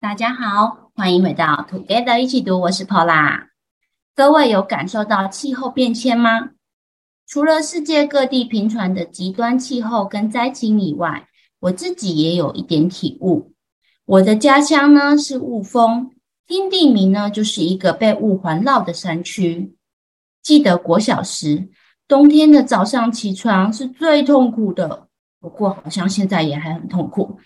大家好，歡迎回到 Together 一起讀。我是 Paula。各位有感受到氣候變遷嗎？除了世界各地頻傳的極端氣候跟災情以外，我自己也有一點體悟。我的家鄉呢是霧峰，聽地名呢就是一個被霧環繞的山區。記得國小時，冬天的早上起床是最痛苦的，不過好像現在也還很痛苦。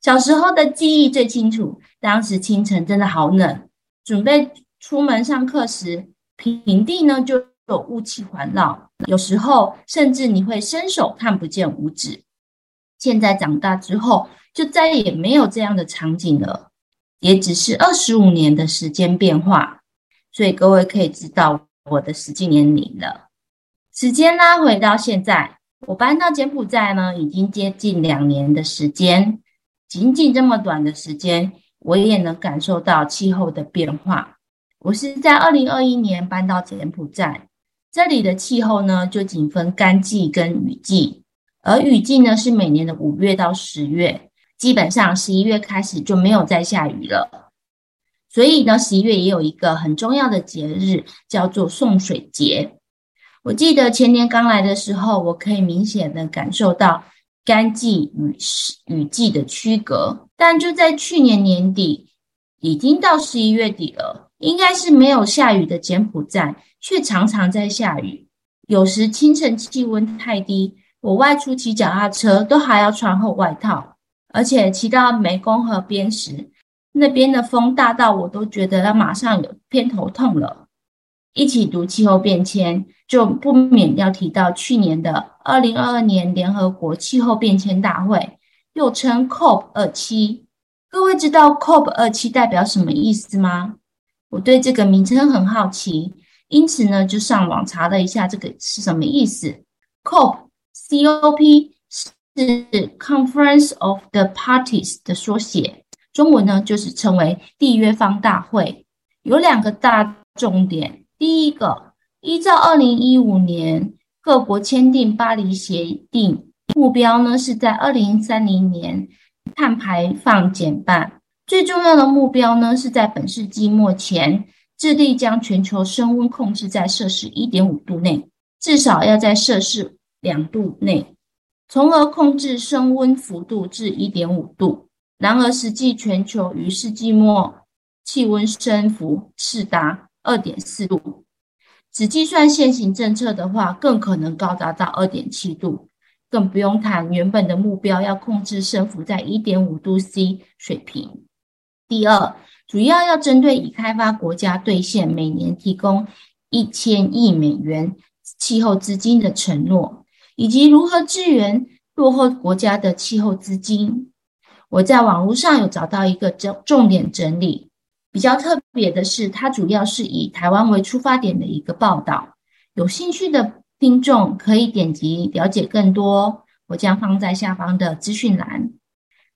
小時候的記憶最清楚，當時清晨真的好冷。準備出門上課時，平地呢就有霧氣環繞，有時候甚至你會伸手看不見五指。現在長大之後，就再也沒有這樣的場景了，也只是二十五年的時間變化。所以各位可以知道我的實際年齡了。時間拉回到現在，我搬到柬埔寨呢，已經接近兩年的時間。僅僅這麼短的時間，我也能感受到氣候的變化。我是在二零二一年搬到柬埔寨，這裡的氣候呢，就僅分乾季跟雨季，而雨季呢，是每年的五月到十月，基本上十一月開始就沒有再下雨了。所以呢，十一月也有一個很重要的節日，叫做送水節。我記得前年剛來的時候，我可以明顯的感受到。乾季與雨，雨季的區隔，但就在去年年底，已經到十一月底了，應該是沒有下雨的柬埔寨，卻常常在下雨。有時清晨氣溫太低，我外出騎腳踏車都還要穿厚外套，而且騎到湄公河邊時，那邊的風大到我都覺得要馬上有偏頭痛了。一起讀氣候變遷。就不免要提到去年的二零二二年聯合國氣候變遷大會，又稱 COP 二七。各位知道 COP 二七代表什麼意思嗎？我對這個名稱很好奇，因此呢就上網查了一下這個是什麼意思。COP COP, C O P 是 Conference of the Parties 的縮寫，中文呢就是稱為締約方大會。有兩個大重點，第一個。依照二零一五年各國簽訂巴黎協定目標呢，是在二零三零年碳排放減半。最重要的目標呢，是在本世紀末前致力將全球升溫控制在攝氏一點五度內，至少要在攝氏兩度內，從而控制升溫幅度至一點五度。然而，實際全球於世紀末氣溫升幅是達二點四度。只計算現行政策的話，更可能高達到二點七度，更不用談原本的目標要控制升幅在一點五度 C 水平。第二，主要要針對已開發國家兌現每年提供一千億美元氣候資金的承諾，以及如何支援落後國家的氣候資金。我在網絡上有找到一個整重點整理。比較特別的是，它主要是以台灣為出發點的一個報道。有興趣的聽眾可以點擊了解更多，我將放在下方的資訊欄。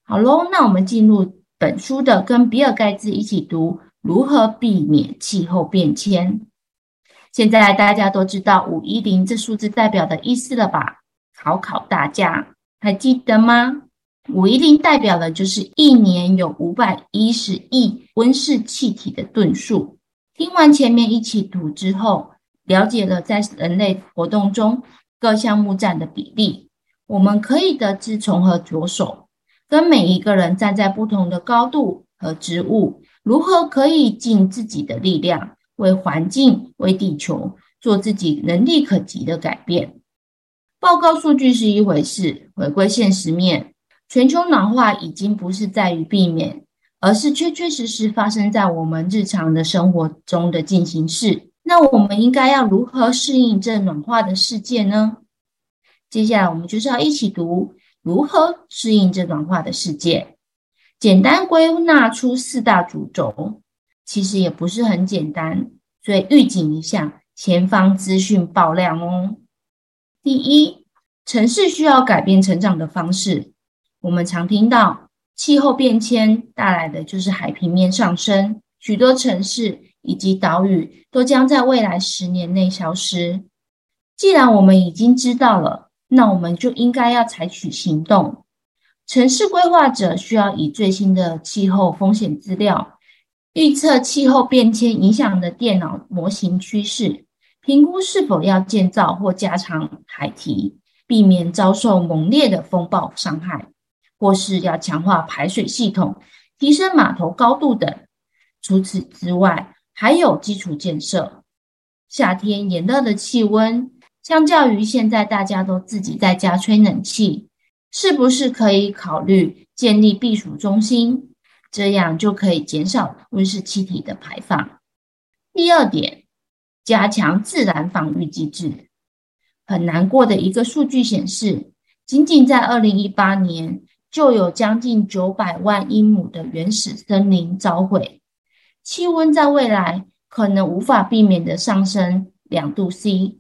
好嘍，那我們進入本書的《跟比爾蓋茨一起讀：如何避免氣候變遷》。現在大家都知道“五一零”這數字代表的意思了吧？考考大家，還記得嗎？510代表的就是一年有五百一十億溫室氣體的噸數。聽完前面一起讀之後，了解了在人類活動中各項目占的比例，我們可以得知從何着手。跟每一個人站在不同的高度和職務，如何可以盡自己的力量為環境、為地球做自己能力可及的改變？報告數據是一回事，回歸現實面。全球暖化已經不是在於避免，而是確確實實發生在我們日常的生活中的進行式。那我們應該要如何適應這暖化的世界呢？接下來我們就是要一起讀如何適應這暖化的世界。簡單歸納出四大主軸，其實也不是很簡單，所以預警一下，前方資訊爆量哦。第一，城市需要改變成長的方式。我們常聽到，氣候變遷帶來的就是海平面上升，許多城市以及島嶼都將在未來十年內消失。既然我們已經知道了，那我們就應該要採取行動。城市規劃者需要以最新的氣候風險資料，預測氣候變遷影響的電腦模型趨勢，評估是否要建造或加長海堤，避免遭受猛烈的風暴傷害。或是要強化排水系統、提升碼頭高度等。除此之外，還有基礎建設。夏天炎熱的氣溫，相較於現在大家都自己在家吹冷氣，是不是可以考慮建立避暑中心，這樣就可以減少溫室氣體的排放。第二點，加強自然防御機制。很難過的一個數據顯示，僅僅在二零一八年，就有將近九百萬英畝的原始森林遭毀，氣溫在未來可能無法避免的上升兩度 C，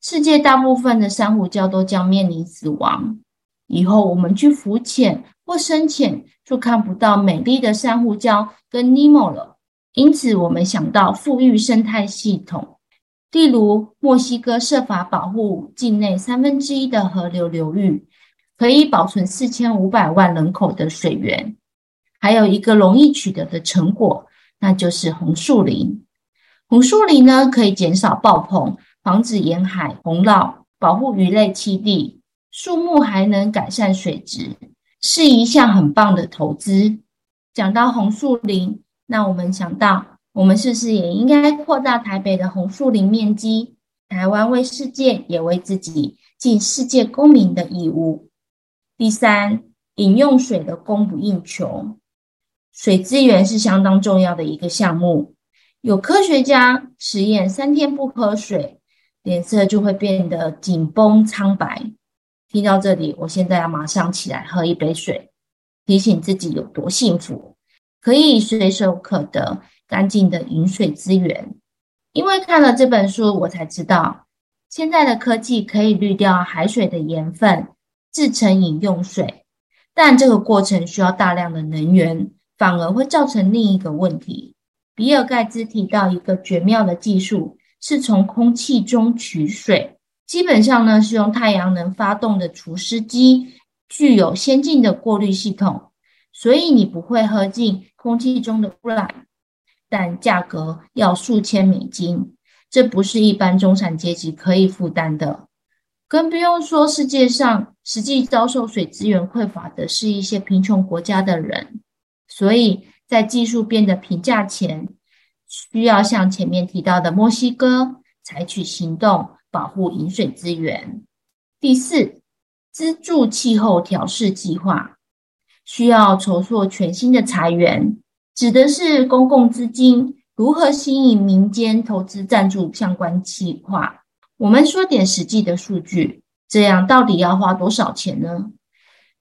世界大部分的珊瑚礁都將面臨死亡。以後我們去浮潛或深潛，就看不到美麗的珊瑚礁跟尼莫了。因此，我們想到復育生態系統，例如墨西哥設法保護境內三分之一的河流流域。可以保存四千五百萬人口的水源。還有一個容易取得的成果，那就是紅樹林。紅樹林呢，可以減少暴洪，防止沿海洪澇，保護魚類棲地，樹木還能改善水質，是一項很棒的投資。講到紅樹林，那我們想到，我們是不是也應該擴大台北的紅樹林面積？台灣為世界，也為自己盡世界公民的義務。第三，飲用水的供不應求，水資源是相當重要的一個項目。有科學家實驗，三天不喝水，臉色就會變得緊繃蒼白。聽到這裡，我現在要馬上起來喝一杯水，提醒自己有多幸福，可以隨手可得乾淨的飲水資源。因為看了這本書，我才知道，現在的科技可以濾掉海水的鹽分。製成飲用水，但這個過程需要大量的能源，反而會造成另一個問題。比爾蓋茨提到一個絕妙的技術，是從空氣中取水，基本上呢是用太陽能發動的除濕機，具有先進的過濾系統，所以你不會喝進空氣中的污染，但價格要數千美金，這不是一般中產階級可以負擔的，更不用說世界上。實際遭受水資源匱乏的是一些貧窮國家的人，所以在技術變得平價前，需要像前面提到的墨西哥採取行動保護飲水資源。第四，資助氣候調適計劃需要籌措全新的財源，指的是公共資金如何吸引民間投資贊助相關計劃。我們說點實際的數據。這樣到底要花多少錢呢？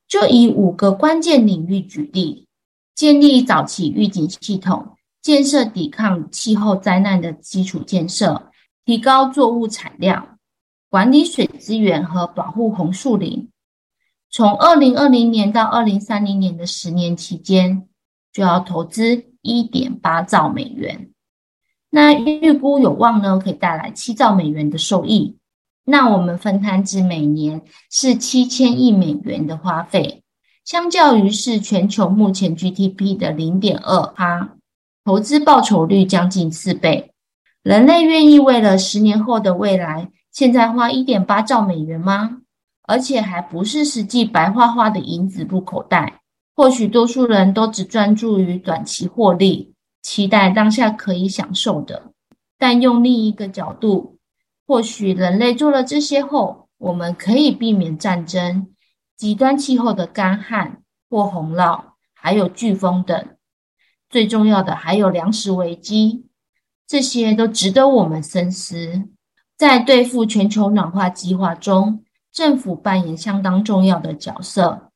就以五個關鍵領域舉例：建立早期預警系統、建設抵抗氣候災難的基礎建設、提高作物產量、管理水資源和保護紅樹林。從二零二零年到二零三零年的十年期間，就要投資一點八兆美元。那預估有望呢，可以帶來七兆美元的收益。那我們分攤至每年是七千億美元的花費，相較於是全球目前 GDP 的零點二八，投資報酬率將近四倍。人類願意為了十年後的未來，現在花一點八兆美元嗎？而且還不是實際白花花的銀子入口袋。或許多數人都只專注於短期獲利，期待當下可以享受的。但用另一個角度。或許人類做了這些後，我們可以避免戰爭、極端氣候的干旱或洪澇，還有颶風等。最重要的還有糧食危機，這些都值得我們深思。在對付全球暖化計劃中，政府扮演相當重要的角色。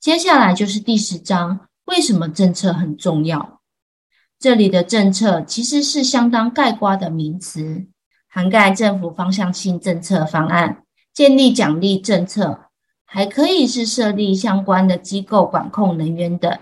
接下來就是第十章，為什麼政策很重要？這裡的政策其實是相當概括的名詞。涵蓋政府方向性政策方案，建立獎勵政策，還可以是設立相關的機構管控能源等。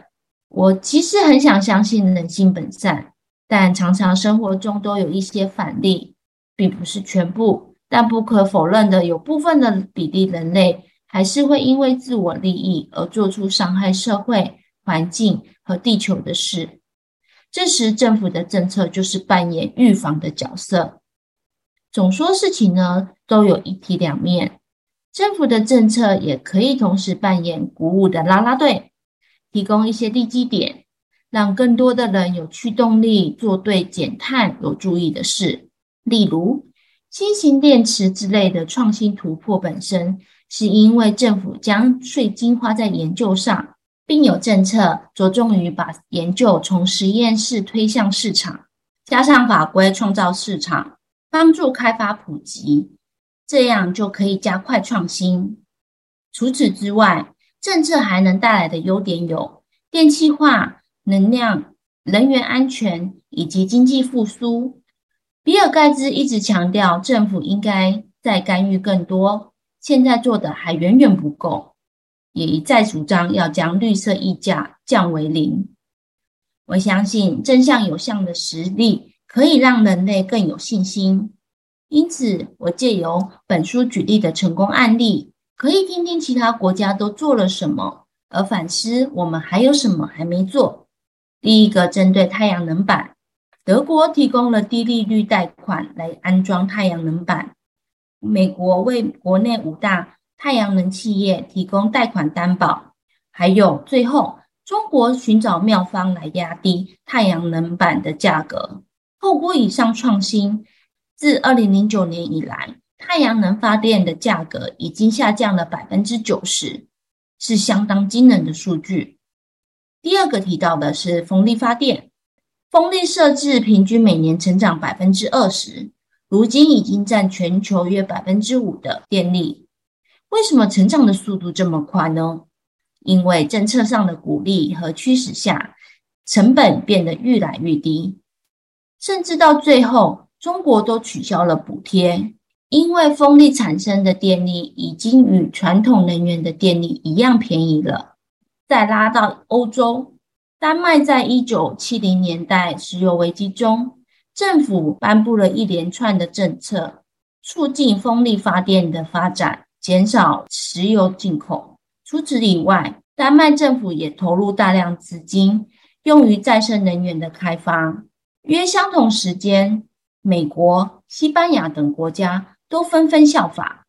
我其實很想相信人性本善，但常常生活中都有一些反例，並不是全部。但不可否認的，有部分的比例人類還是會因為自我利益而做出傷害社會、環境和地球的事。這時，政府的政策就是扮演預防的角色。總說事情呢，都有一體兩面。政府的政策也可以同時扮演鼓舞的啦啦隊，提供一些利基點，讓更多的人有驅動力做對減碳有助益的事。例如，新型電池之類的創新突破本身，是因為政府將稅金花在研究上，並有政策着重於把研究從實驗室推向市場，加上法規創造市場。幫助開發普及，這樣就可以加快創新。除此之外，政策還能帶來的優點有電氣化、能量、能源安全以及經濟復甦。比爾蓋茨一直強調，政府應該再干預更多，現在做的還遠遠不夠，也一再主張要將綠色溢價降為零。我相信真相有向的實力。可以讓人類更有信心，因此我借由本書舉例的成功案例，可以聽聽其他國家都做了什麼，而反思我們還有什麼還沒做。第一個，針對太陽能板，德國提供了低利率貸款來安裝太陽能板；美國為國內五大太陽能企業提供貸款擔保；還有最後，中國尋找妙方來壓低太陽能板的價格。透過以上創新，自二零零九年以來，太陽能發電的價格已經下降了百分之九十，是相當驚人的數據。第二個提到的是風力發電，風力設置平均每年成長百分之二十，如今已經占全球約百分之五的電力。為什麼成長的速度這麼快呢？因為政策上的鼓勵和驅使下，成本變得愈來愈低。甚至到最後，中國都取消了補貼，因為風力產生的電力已經與傳統能源的電力一樣便宜了。再拉到歐洲，丹麥在一九七零年代石油危機中，政府頒布了一連串的政策，促進風力發電的發展，減少石油進口。除此以外，丹麥政府也投入大量資金，用於再生能源的開發。約相同時間，美國、西班牙等國家都紛紛效仿。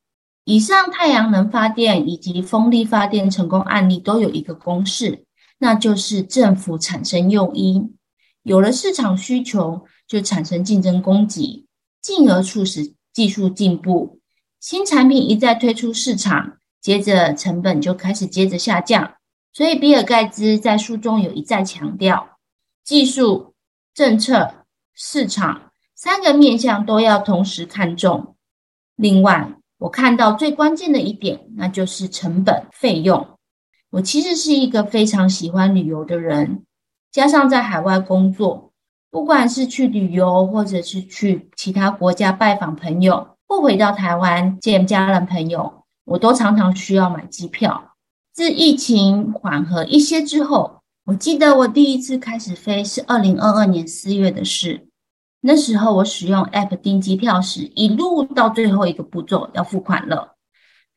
以上太陽能發電以及風力發電成功案例都有一個公式，那就是政府產生誘因，有了市場需求就產生競爭供給，進而促使技術進步，新產品一再推出市場，接着成本就開始接着下降。所以，比爾·蓋茨在書中有一再強調技術。政策、市場三個面向都要同時看重。另外，我看到最關鍵的一點，那就是成本費用。我其實是一個非常喜歡旅遊的人，加上在海外工作，不管是去旅遊，或者是去其他國家拜訪朋友，或回到台灣見家人朋友，我都常常需要買機票。自疫情緩和一些之後，我記得我第一次開始飛是二零二二年四月的事，那時候我使用 App 訂機票時，一路到最後一個步驟要付款了，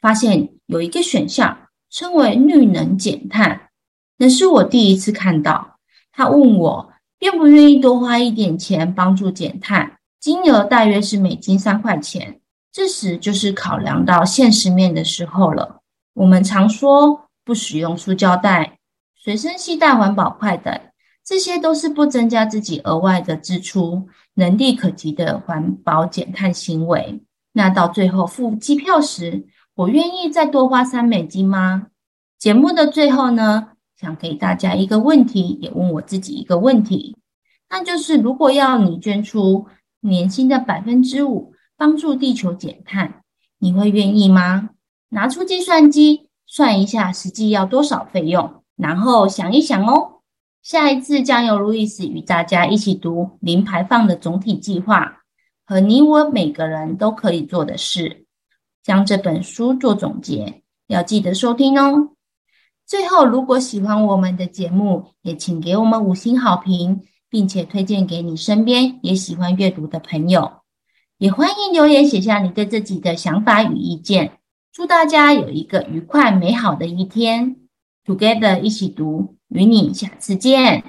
發現有一個選項稱為“綠能減碳”，那是我第一次看到。他問我願不願意多花一點錢幫助減碳，金額大約是美金三塊錢。這時就是考量到現實面的時候了。我們常說不使用塑膠袋。隨身攜帶環保筷等，這些都是不增加自己額外的支出、能力可及的環保減碳行為。那到最後付機票時，我願意再多花三美金嗎？節目的最後呢，想給大家一個問題，也問我自己一個問題，那就是：如果要你捐出年薪的百分之五，幫助地球減碳，你會願意嗎？拿出計算機算一下實際要多少費用。然後想一想哦，下一次將由 Lewis 與大家一起讀零排放的總體計劃和你我每個人都可以做的事，將這本書做總結。要記得收聽哦。最後，如果喜歡我們的節目，也請給我們五星好評，並且推薦給你身邊也喜歡閱讀的朋友。也歡迎留言寫下你對自己的想法與意見。祝大家有一個愉快美好的一天。Together 一起讀，與你下次見。